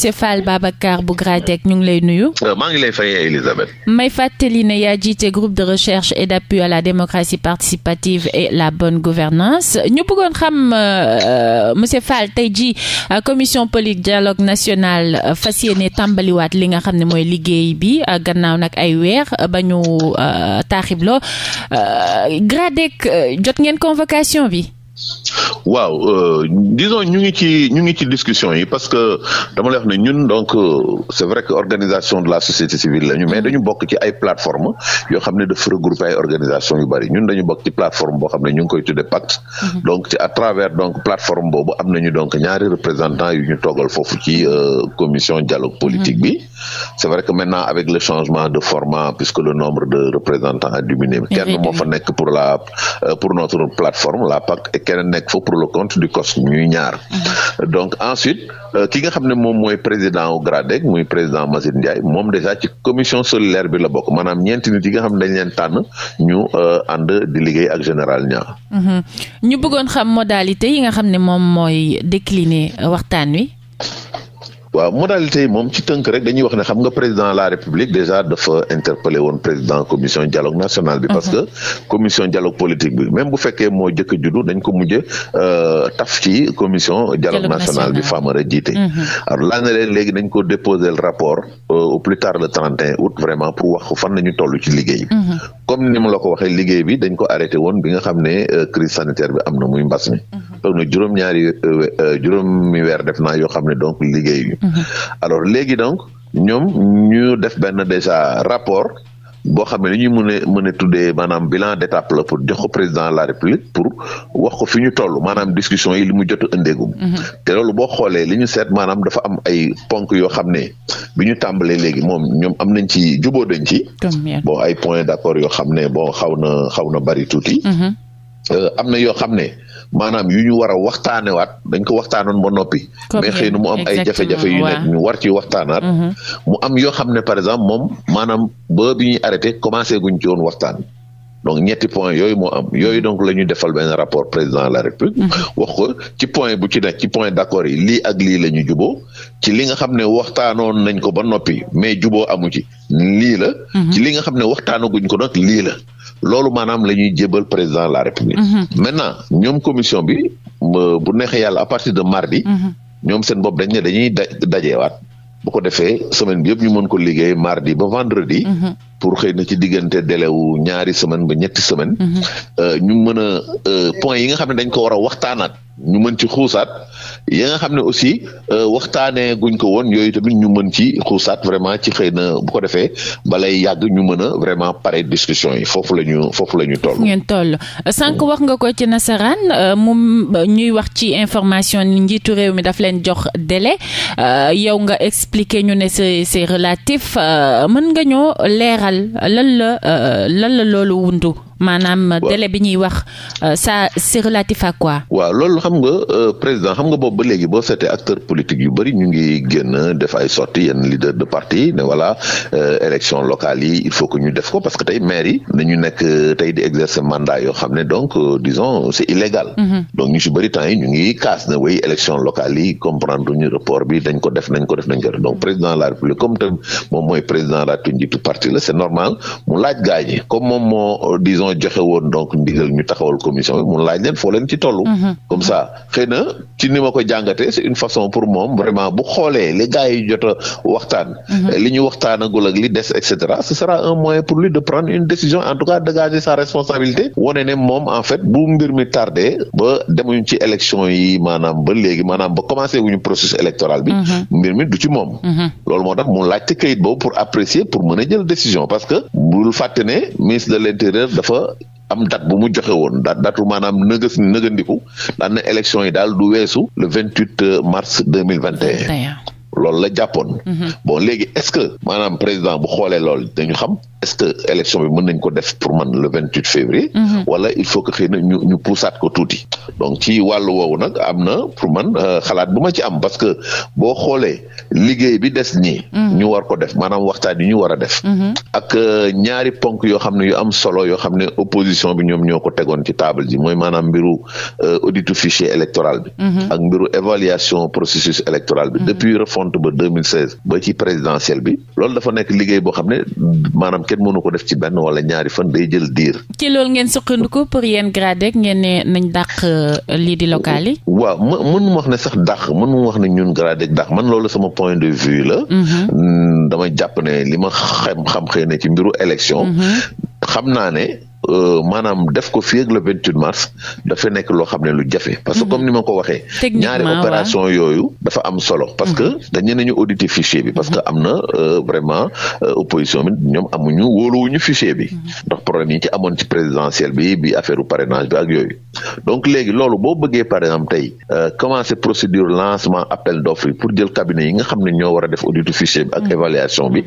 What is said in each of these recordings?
monsieur Fall Babacar bu GRATEC ñu ngi lay nuyu. Euh, may fàttali ne yaa jiite groupe de recherche et d'appui à la démocratie participative et la bonne gouvernance ñu bëggoon xam euh, monsieur Fall tey jii euh, commission politique dialogue national fas yéene tàmbaliwaat li nga xam ne mooy liggéey bi gannaaw nag ay weer ba ñu taaxibloo GRATEC jot ngeen convocation bi. waaw euh, ñu ngi ci ñu ngi ci discussion yi parce que dama lay wax ne ñun donc euh, c'est vrai que organisation de la société civile la ñu mais mm-hmm. dañu bokk ci ay plateforme yoo xam ne dafa regrouper ay organisation yu bari ñun dañu bokk ci plateforme boo xam ne ñu ngi koy tuddee pacte mm-hmm. donc ci à travers donc plateforme boobu am nañu donc ñaari représentants yu ñu toogal foofu ci euh, commission dialogue politique bi mm-hmm. c'est vrai que maintenant avec le changement de format puisque le nombre de représentants nekk fa pour le compte du COS ñuy ñaar mhm. donc ensuite euh, ki nga xam ne moom mooy président au GRADEC muy président Mazid Ndiaye moom déjà ci commission solidaire bi la bokk maanaam ñeenti nit yi nga xam ne dañ leen tànn ñu euh, ànd di liggéey ak général Niang mhm. ñu bëggoon xam modalité yi nga xam ne moom mooy décliner euh, waxtaan wi waaw modalité yi moom ci tënk rek dañuy wax ne xam nga président de la république déjà dafa interpellé woon président commission dialogue national bi mhm. parce que commission dialogue politique bi même bu fekke moo jëkk a juddu dañ ko mujj euh, taf ci commission dialogue national bi Famara jiite mhm. alors laa ne leen léegi dañ ko déposer le rapport euh, au plus tard le 31 août vraiment pour wax fan nañu toll ci liggéey comme ni mu la ko waxee liggéey bi dañ ko arrêté woon bi nga xam ne euh, crise sanitaire bi am na muy mbas mi mhm. toog na juróom-ñaari euh, euh, juróomi weer def naa yoo xam ne donc liggéey bi mhm. alors léegi donc ñoom ñu def benn déjà rapport boo xam ne li ñu mën a mën a tuddee maanaam bilan d'étape la pour jox ko président a la république pour wax ko fi ñu toll maanaam discussion yi li mu jot a ëndeegum mhm. te loolu boo xoolee li ñu seet maanaam dafa am ay ponk yoo xam ne bi ñu tàmbalee léegi moom ñoom am nañ ci juboo dañ ci bon ay point d'accord yoo xam ne bon xaw na xaw na bari tuuti mhm. euh, am na yoo xam ne maanaam yu ñu war a waxtaanewaat dañ ko waxtaanoon ba noppi. mais xëy na mu am ay jafe yu nekk ñu war ci waxtaanaat. Mm-hmm. mu am yoo xam ne par exemple moom maanaam ba bi ñuy arrêté commencé guñ ci waxtaan. donc ñetti point yooyu moo am yooyu donc la ñu defal benn rapport président la république mm-hmm. ko ci point bu ci nekk ci point d'accord yi lii ak lii la ñu juboo ci li nga xam ne waxtaanoon nañ ko ba noppi mais juboo amu ci lii la mm-hmm. ci li nga xam ne waxtaanaguñ ko nag lii la loolu maanaam la ñuy jébal président de la république. Mhm. maintenant ñoom commission bi bu neexee yàlla à partir de mardi. Mhm. ñoom seen bopp dañ ne dañuy dajewaat. bu ko defee semaine bi yëpp ñu mën ko liggéey mardi ba vendredi. Mhm. pour xëy na ci diggante délai wu ñaari semaine ba ñetti semaine. Euh, ñu mën a euh, point yi nga xam ne dañ ko war a waxtaanaat ñu mën ci xuusaat. yi nga xam ne aussi euh, waxtaanee guñ ko woon yooyu tamit ñu mën ci xuusaat vraiment ci xëy na bu ko defee balay yàgg ñu mën vraiment pare discussion yi foofu la ñu foofu la ñu toll. ngeen toll sànq wax nga ko ci nasaraan euh, mu euh, ñuy wax ci information njiitu réew mi daf leen jox délai yow nga expliquer ñu ne c'est c'est relatif mën nga ñoo leeral lan la lan la loolu wundu. maanaam délai bi ñuy wax euh, ça c'est relatif à quoi. waaw loolu xam nga euh, président xam nga boobu ba léegi boo seete acteurs politique yu bëri ñu ngi génn def ay sorties yenn leader de parti ne voilà euh, élection locale yi il faut que ñu def ko parce que tey maire yi dañu nekk tey di exercer mandat yoo xam ne donc disons c'est illégal. Mm-hmm. donc ñu si bëri temps yi ñu ngi kaas na wéy élection locale yi comprendre ñu report bi dañ ko def nañ ko def nañ ko def donc président de dañoo joxe woon donc ndigal ñu taxawal commission bi mun laaj leen foo leen ci tollu. Mhm. comme ça xëy na ci ni ma ko jàngatee c'est une façon pour moom vraiment bu xoolee les gars a waxtaan. Mhm. li ñu waxtaanagul ak li des et ce sera un moyen pour lui de prendre une décision en tout cas dégager sa responsabilité wane ne en fait bu mbir mi ba demuñ ci élection yi maanaam ba léegi maanaam ba commencé wuñu processus électoral bi. Mhm. mbir du ci moom. loolu moo a dafa am date bu joxe woon date datu maanaam nëgës nëgëndiku daan na élection yi daal du weesu le vingt huit euh, mars deux mille vingt et un loolu la jàppoon. Mm-hmm. bon léegi est-ce que maanaam président bu xoolee loolu dañu xam est-ce que élection bi mën nañ ko def pour man le vingt huit février. Mhm. wala il faut que xëy na ñu ñu poussaat ko tuuti. donc ci wàllu woowu nag am na pour man euh, xalaat bu ma ci am parce que boo xoolee liggéey bi des nii. Mhm. ñu war ko def maanaam waxtaan yi ñu war a def. Mhm. ak euh, ñaari ponk yoo xam ne yu am solo yoo xam ne opposition bi ñoom ñoo ko tegoon ci table ji mooy maanaam mbiru euh, auditu fichier électoral bi. ak mbiru évaluation processus électoral bi. depuis refonte ba deux mille seize ba ci présidentielle bi loolu dafa nekk liggéey boo xam ne maanaam kenn mënu ko def ci benn wala ñaari fan day jël diir. ci loolu ngeen sukkandiku pour yéen GRADEC ngeen ne nañ dàq euh, lii di local waaw ma mën mu wax ne sax dàq mën mu wax ne ñun GRADEC dàq man loolu sama point de vue la. Mhm. dama jàpp ne li ma xam xam xëy na ci mbiru élection. Mhm. xam naa ne. Euh, maanaam def ko fii ak le mars dafa nekk loo xam ne lu jafe. parce que mhm. comme ni ma ko waxee. ñaari opération yooyu dafa am solo. parce que mhm. dañu ne ñu auditer fichier bi. parce que mhm. am na euh, vraiment euh, opposition bi ñoom amuñu wóoluwuñu fichier bi. ndax problème yi ci amoon ci présidentiel bi bi affaire parrainage bi ak yooyu. donc léegi loolu boo bëggee par exemple tey commencer procédure lancement appel d'offre yi pour jël cabinet yi nga xam ne ñoo war a def audit fichier bi ak évaluation bi.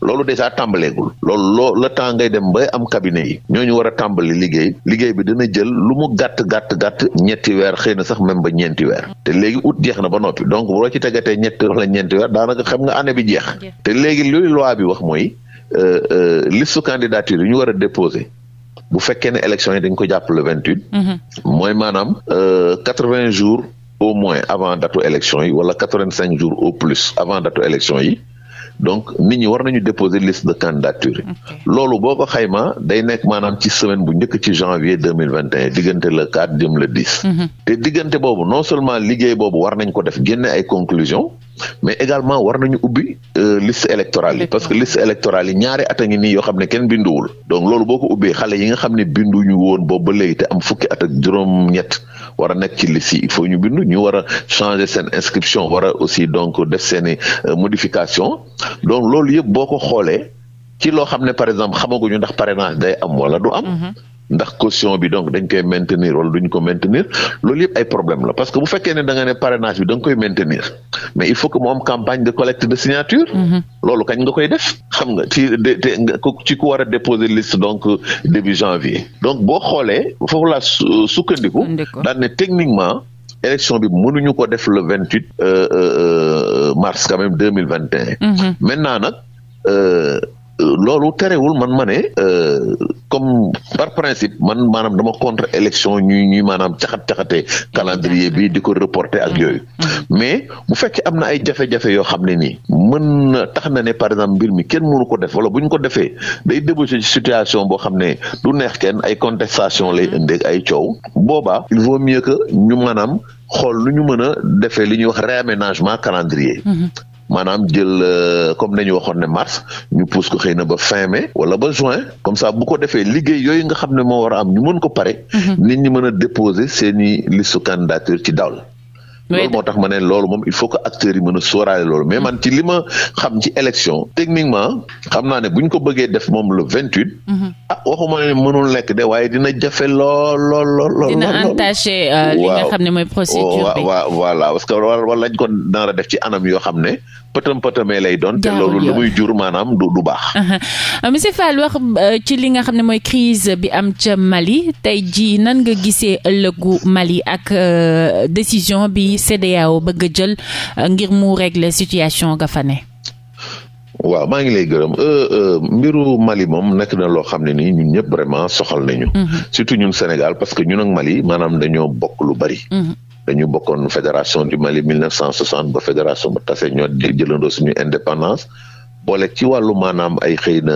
loolu déjà tàmbaleegul. loolu loo le temps ngay dem ba am cabinet yi. ñu war a tàmbali liggéey liggéey bi dina jël lu mu gàtt gàtt ñetti weer xëy na sax même ba ñeenti weer te léegi août jeex na ba noppi donc boo ci tegatee ñetti wala ñeenti weer daanaka xam nga année bi jeex te léegi loolu loi bi wax mooy euh, euh, liste candidature yi ñu war a bu fekkee ne élection yi dañ ko jàpp le vingt huit mhm. mooy maanaam euh, quatre vingt jours au moins avant datu élection yi wala quatre vingt cinq jours au plus avant datu élection yi donc nit ñu war nañu déposer liste de candidature loolu boo ko xaymaa day nekk maanaam ci semaine bu njëkk ci janvier deux mille vingt et un diggante le quatre jëm le dix. Mhm. te diggante boobu non seulement liggéey boobu war nañ ko def génne ay conclusions. mais également war nañu ubbi euh, liste électorale yi parce que liste électorale yi ñaari at a ngi nii xam ne kenn binduwul donc loolu boo ko ubbee xale yi nga xam ne binduñu woon boobu ba léegi te am fukki at juróom-ñett war a nekk ci lissi il faut ñu bindu ñu war a changer seen inscription war a aussi donc def seeni euh, modification donc loolu yëpp boo ko xoolee ci loo xam ne par exemple xamaguñu ndax parrainage day am wala du am. Mm-hmm. ndax caution bi donc dañ koy maintenir wala duñ ko maintenir loolu yëpp ay problème la parce que bu fekkee ne da ne parrainage bi da koy maintenir mais il faut que mu am campagne de collecte de signature. Mm-hmm. loolu kañ nga koy def. xam nga ci ku war a liste donc début janvier. donc boo xoolee foofu laa euh, sukkandiku. daan ne techniquement. élection bi mënuñu ko def le vingt huit euh, euh, mars quand même deux mille vingt et un mm-hmm. maintenant loolu terewul man ma ne euh, comme par principe man maanaam dama contre élection ñuy ñuy maanaam caxat caxatee calendrier bi di ko reporter ak yooyu mm-hmm. mais bu fekkee am na ay jafe-jafe yoo xam ne nii mën na tax na ne par exemple mbir mi kenn mënu ko def wala bu ñu ko defee day déboucher ci situation boo xam ne du neex kenn ay contestation lay mm-hmm. indee ay coow boobaa il vaut mieux que ñu maanaam xool lu ñu mën a defee li ñuy wax réaménagement calendrier. Mm-hmm. maanaam jël euh, comme nañu waxoon ne mars ñu pousse ko xëy na ba fin mai wala ba juin comme ça bu ko defee liggéey yooyu nga xam ne moo war a am ñu mën ko pare. Mhm. nit ñi mën a déposer seen i liste candidature ci daaw la. loolu moo tax ma ne loolu moom il faut que acteurs yi mën a sóoraale loolu mais man ci li ma xam ci élection techniquement xam naa ne buñ ko bëggee def moom le vingt huit mhm. ah waxuma ne mënul nekk de waaye dina jafe lool lool lool lool dina entaché euh, li nga xam ne mooy procédure bi waaw voilà parce que wala lañ ko dara yoo xam ne pëtëm pëtëmee lay doon te loolu lu muy jur maanaam du du baax euh, monsieur Fall wax euh, ci li nga xam ne mooy crise bi am ca Mali tey ji nan nga gisee ëllëgu Mali ak euh, décision bi CEDEAO bëgg jël ngir mu régler situation ga fa ne waaw maa ngi lay gërëm mbiru Mali moom nekk na loo xam ne nii ñun ñëpp vraiment soxal nañu mhm. surtout ñun Sénégal parce que ñun ak Mali maanaam dañoo bokk lu bari mhm. dañu bokkoon fédération du Mali 1960 ba fédération ba tase ñoo jëlandoo suñu indépendance boole ci wàllu maanaam ay xëy na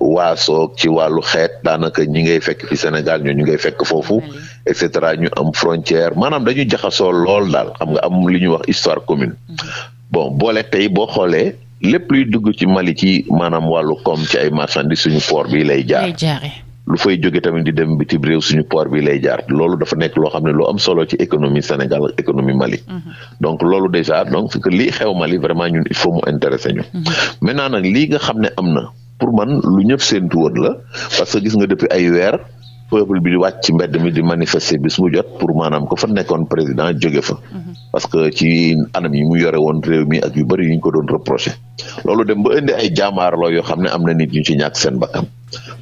waasoog ci wàllu xeet daanaka ñi ngay fekk fi Sénégal ñoo ñu ngay fekk foofu et cetera ñu am frontière maanaam dañu jaxasoo lool daal xam nga am li ñuy wax histoire commune mm-hmm. bon boole tey boo xoolee lépp luy dugg ci Mali ci maanaam wàllu koom ci ay marchandi suñu port bi lay jaar lu fay jóge tamit di dem bitim réew suñu port bi lay jaar loolu dafa nekk loo xam ne lu am solo ci économie Sénégal ak économie Mali. Mhm. donc loolu déjà donc que lii xew Mali vraiment ñun il faut mu intéresser ñu. Mhm. maintenant nag lii nga xam ne am na pour man lu ñëpp seen tuwoon la parce que gis nga depuis ay weer. peuple bi di wàcc ci mbedd mi di manifester bis bu jot pour maanaam ko fa nekkoon président jege fa. Mhm. parce que ci anam yi mu yore woon rew mi ak yu bëri yuñ ko doon reproché. loolu dem ba indi ay jaamaarloo yoo xam ne am na nit ñu ci ñàkk seen bakkan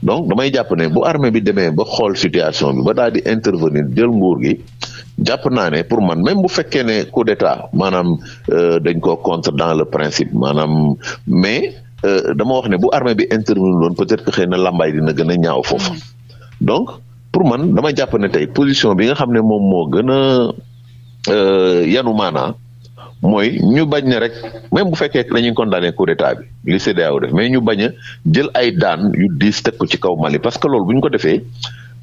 donc damay jàpp ne bu armee bi demee bo xool situation bi ba daal di intervenir jël nguur gi. jàpp naa ne pour man même bu fekkee ne coup d'état maanaam euh, dañ ko contre dans le principe maanaam mais euh, dama wax ne bu armée bi intervenir woon peut-être xëy na làmbaay dina gën a ñaaw foofu. Mhm. donc pour man dama jàpp ne tey position bi nga xam ne moom moo gën a euh, yanu maanaa mooy ñu bañ ne rek même bu fekkee dañuy condamné coup d'état bi li CEDEAO def mais ñu bañ a jël ay daan yu diis teg ko ci kaw Mali parce que loolu bu ñu ko defee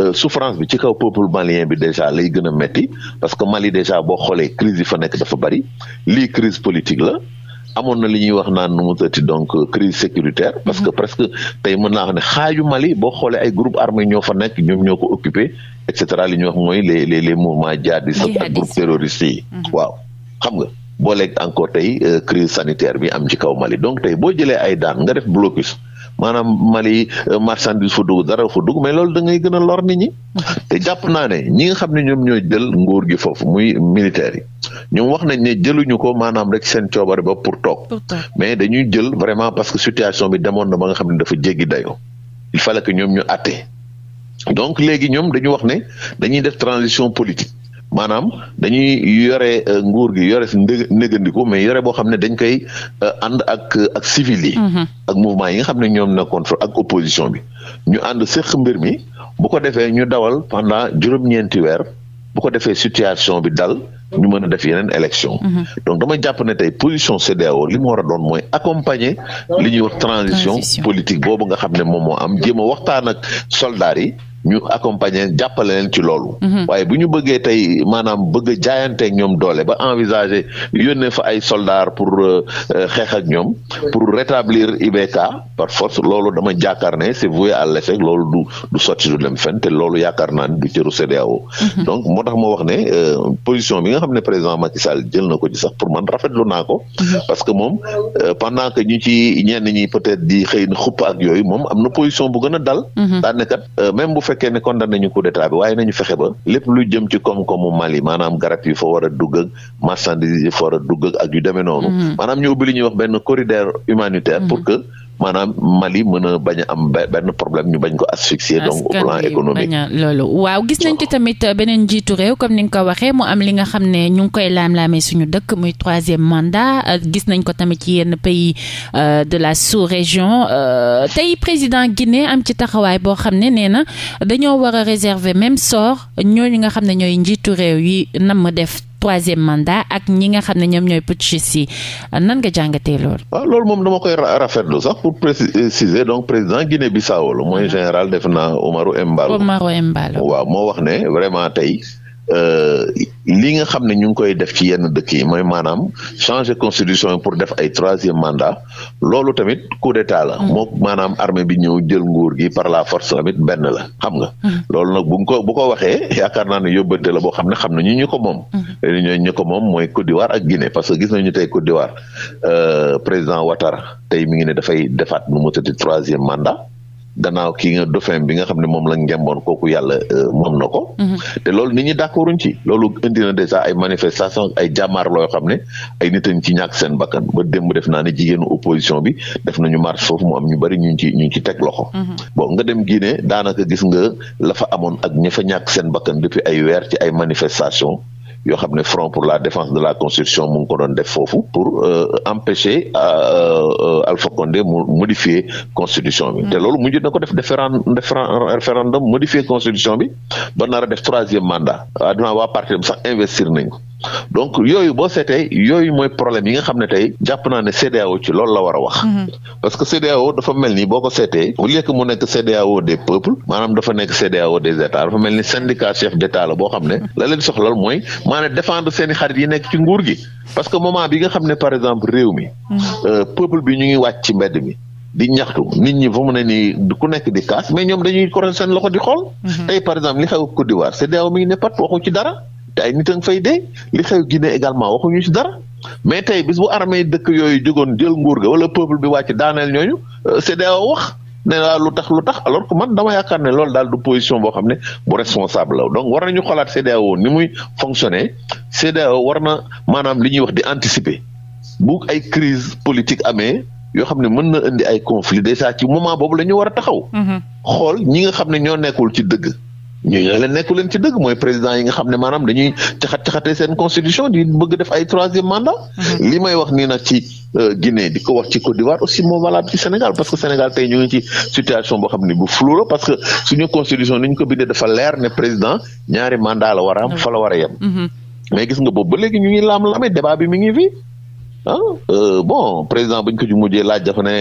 euh, souffrance bi ci kaw peuple malien bi déjà lay gën a metti parce que Mali déjà boo xoolee crise yi fa nekk dafa bari lii crise politique la amoon na li ñuy wax naan nu mu tëtti donc crise sécuritaire parce que mhm. presque tey mën naa wax ne xaaju Mali boo xoolee ay groupe armé ñoo fa nekk ñoom ñoo ko occupé et li ñuy wax mooy les les les mouvements djihadistes ak groupe terroriste yi mhm. waaw xam nga boo leeg encore tey euh, crise sanitaire bi am ci kaw Mali donc tey boo jëlee ay daan nga def blocus maanaam Mali euh, marchandise fa dugg dara fa dugg mais loolu da ngay gën a lor nit ñi te jàpp naa ne ñi nga xam ne ñoom ñoo jël nguur gi foofu muy militaires yi ñoom wax nañ ne jëluñu ko maanaam rek seen coobare ba pour toog mais dañuy jël vraiment parce que situation bi demoon na ba nga xam ne dafa jéggi dayoo il fallait ñoom ñu àtte donc léegi ñoom dañuy wax ne dañuy def transition politique maanaam dañuy yore euh, nguur gi yore si négandiku mais yore boo xam ne dañ koy euh, ànd ak euh, ak civil yi. Mm-hmm. ak mouvement yi nga xam ne ñoom na contre ak opposition bi ñu ànd séq mbir mi bu ko defee ñu dawal pendant juróom-ñeenti weer bu ko defee situation bi dal ñu mën a def yeneen élection mm-hmm. donc dama jàpp ne tey position CEDEAO li mu war a doon mooy accompagner li ñuy wax transition politique boobu nga xam ne moom moo am jéem a waxtaan ak soldats yi. ñu accompagner jàppale leen ci loolu. Mhm. waaye bu ñu bëggee tey maanaam bëgg a jaayanteeg ñoom doole ba envisager yónnee fa ay soldats pour euh, euh, xeex ak ñoom. pour rétablir IBK par force loolu dama jàkkaar ne c'est voué à l'échec loolu du du sotti du dem fenn te loolu yaakaar naa ne du cëru CEDEAO. Mhm. donc moo tax moo wax ne euh, position bi nga xam ne président Macky Sall jël na ko sax pour man rafetlu naa ko. Mhm. parce que moom pendant que ñu ci ñenn ñi peut-être di xëy na xupp ak yooyu moom am na position bu gën a dal. fekkee ne condamné nañu coup d'état bi waaye nañu fexe ba lépp lu jëm ci koom-koomu Mali maanaam garab yi fa war a dugg ak marchandise yi fa war a dugg ak yu demee noonu. Mm-hmm. maanaam ñu li ñuy wax benn corridor humanitaire mm-hmm. pour que. maanaam Mali mën a bañ a am benn problème ñu bañ ko asphyxier donc au plan waaw gis nañ ci tamit beneen njiitu réew comme ni nga ko waxee mu am li nga xam ne ñu ngi koy laam-laamee suñu dëkk muy troisième mandat euh, gis nañ ko tamit ci yenn pays euh, de la sous-région euh, tey président Guinée am ci taxawaay boo xam ne nee na dañoo war a réserver même sort ñooñu nga xam ne ñooy njiitu réew yi nam def troisième mandat ak ñi nga xam ne ñoom ñooy putschistes yi nan nga jàngatee loolu. waaw loolu moom dama koy rafetlu sax pour préciser donc président Guinée Bissau la mooy général def na Umaro Embalo. Umaro Embalo waaw moo wax ne vraiment tey. Euh, li nga xam ne ñu ngi koy def ci yenn dëkk yi mooy maanaam changer constitution pour def ay troisième mandat loolu tamit coup d'état la. Mm. moo maanaam armée bi ñëw jël nguur gi par la force tamit benn la xam nga. Mm. loolu nag bu ñu ko bu ko waxee yaakaar naa ne yóbbante la boo xam ne xam nañu ñu ko moom. Mm. Eh, ko moom mooy Côte d'Ivoire ak Guinée parce que gis nañu tey Côte d'Ivoire euh, président Ouattara tey mi ngi ne dafay defaat nu mu tëdd troisième mandat. gannaaw kii nga dauphin bi nga xam ne moom la ngemboon kooku yàlla euh, moom na ko. Mm-hmm. te loolu nit ñi d'accorduñ ci loolu indi na déjà ay manifestations ay jàmmaar loo xam ne ay nit ci ñàkk seen bakkan ba démb def naa ne jigéenu opposition bi def nañu marche foofu mu am ñu bari ñu ci ñu ci teg loxo. Mm-hmm. bon nga dem Guinée daanaka gis nga lafa amoon ak ña fa ñàkk seen bakkan depuis ay weer ci ay manifestation yoo xam ne front pour la défense de la constitution mu ngi ko doon def foofu pour euh, empêcher euh, euh, Alpha Condé mu modifier constitution bi. te mm. loolu mujj na ko def référendum modifier constitution bi ba nar a def troisième mandat waaw wa waa parti sax investir nañ ko. donc yooyu boo seetee yooyu mooy problème yi nga xam ne tey jàpp naa ne CEDEAO ci loolu la war a wax. Mm-hmm. parce que CEDEAO dafa mel ni boo ko seetee au lieu que mu nekk CEDEAO des peuples maanaam dafa nekk CEDEAO des états dafa mel ni syndicat chef d' état la boo xam ne mm-hmm. la leen soxlal mooy maanaam défendre seeni xarit yi nekk ci nguur gi parce que moment bi nga xam ne par exemple réew mi. Mm-hmm. Euh, peuple bi ñu ngi wàcc ci mbedd mi. di ñaxtu nit ñi fu mu ne nii ku nekk di kaas mais ñoom di xool. tey par exemple te ay nit a ngi fay dee li xew Guinée également waxuñu ci dara mais tey bis bu armée dëkk yooyu jógoon jël nguur ga wala peuple bi wàcc daaneel ñooñu euh, CEDEAO wax ne lu tax lu tax alors que man dama yaakaar ne loolu daal du position boo xam ne bu responsable la donc war nañu xoolaat CEDEAO ni muy fonctionner CEDEAO war na maanaam li ñuy wax di anticiper bu ay crise politique amee yoo xam ne mën na indi ay conflit ci moment boobu la ñu war a taxaw. Mm-hmm. xool ñi nga xam ci dëgg. ñooñu nag leen nekku leen ci dëgg mooy président yi nga xam ne maanaam dañuy caxat caxatee seen constitution bëgg def ay troisième mandat. Mhm. li may wax nii nag ci euh, Guinée di wax ci Côte d'Ivoire aussi moo valable ci Sénégal parce que Sénégal tey ñu ci situation boo xam ne bu flou parce que suñu constitution ni ko bindee dafa leer ne président ñaari mandat la war a am mhm. war a yem. Mhm. mais gis nga boobu ba léegi ñu ngi laam-laamee débat bi mi ngi fi. ah euh, bon président bu ko ci mujjee laaj dafa ne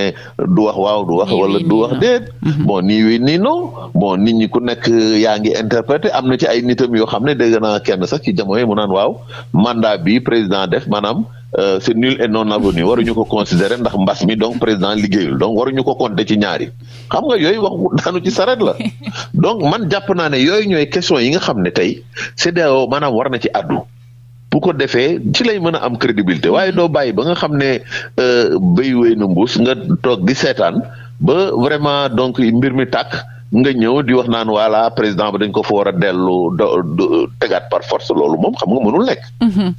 du waaw du wax wala du wax déet mhm. bon nii oui nii non bon nit ñi ku nekk euh, yaa ngi interprété am na ci ay nitam yoo xam ne dégg naa kenn sax ci jamono yi mu naan waaw manda bi président def maanaam euh, c'est nul et non avenu waruñu ko considérer ndax mbas mi donc président liggéeyul donc waruñu ko compter ci ñaari xam nga yooyu wax daanu ci saret la donc man jàpp naa ne yooyu ñooy question yi nga xam ne tey CEDEAO maanaam war na ci addu bu ko defee ci lay mën a am crédibilité mm-hmm. waaye doo bàyyi ba nga xam ne euh, béy wéy na mbuus nga toog di seetaan ba vraiment donc mbir mi tàkk nga ñëw di wax naan voilà président ba dañ ko fa war a dellu tegaat par force loolu moom xam nga mënul nekk. Mm-hmm.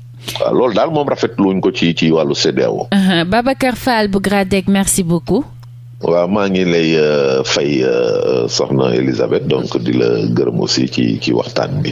waaw loolu daal moom rafetluñ ko ci ci wàllu CEDEAO. Uh-huh. Babacar Fall bu GRADEC merci beaucoup. waaw maa ngi lay euh, fay euh, soxna Elisabeth donc di la gërëm aussi ci ci waxtaan bi.